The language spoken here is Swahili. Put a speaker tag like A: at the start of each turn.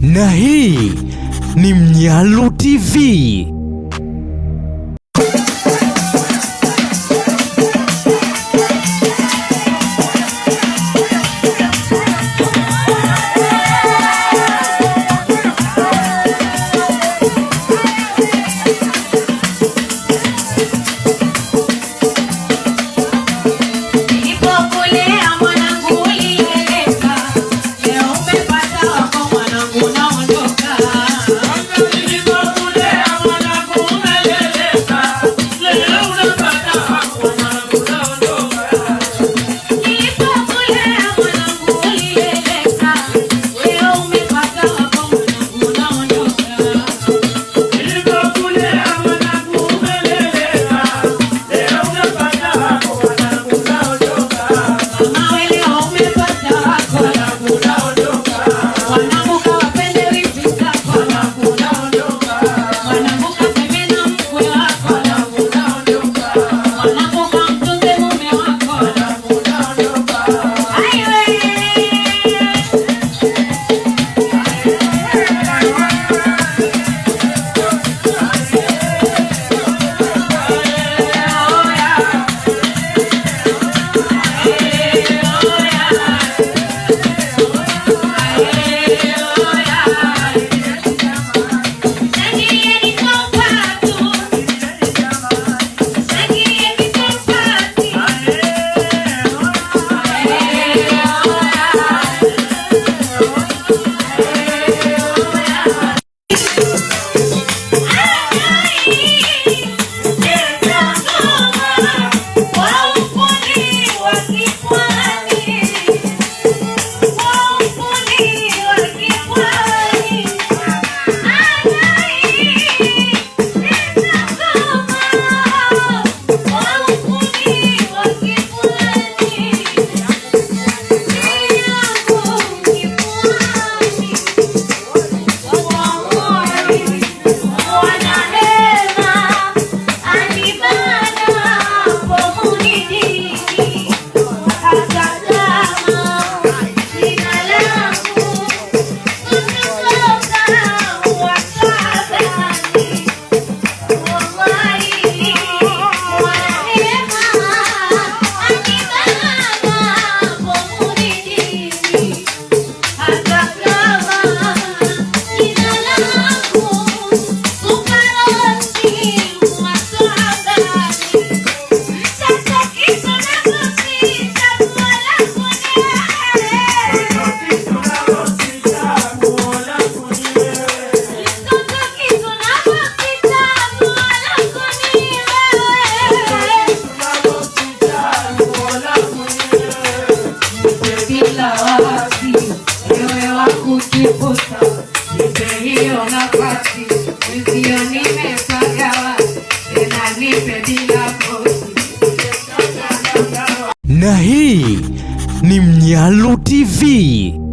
A: na hii ni Mnyalu TV. Na hii ni Mnyalu TV.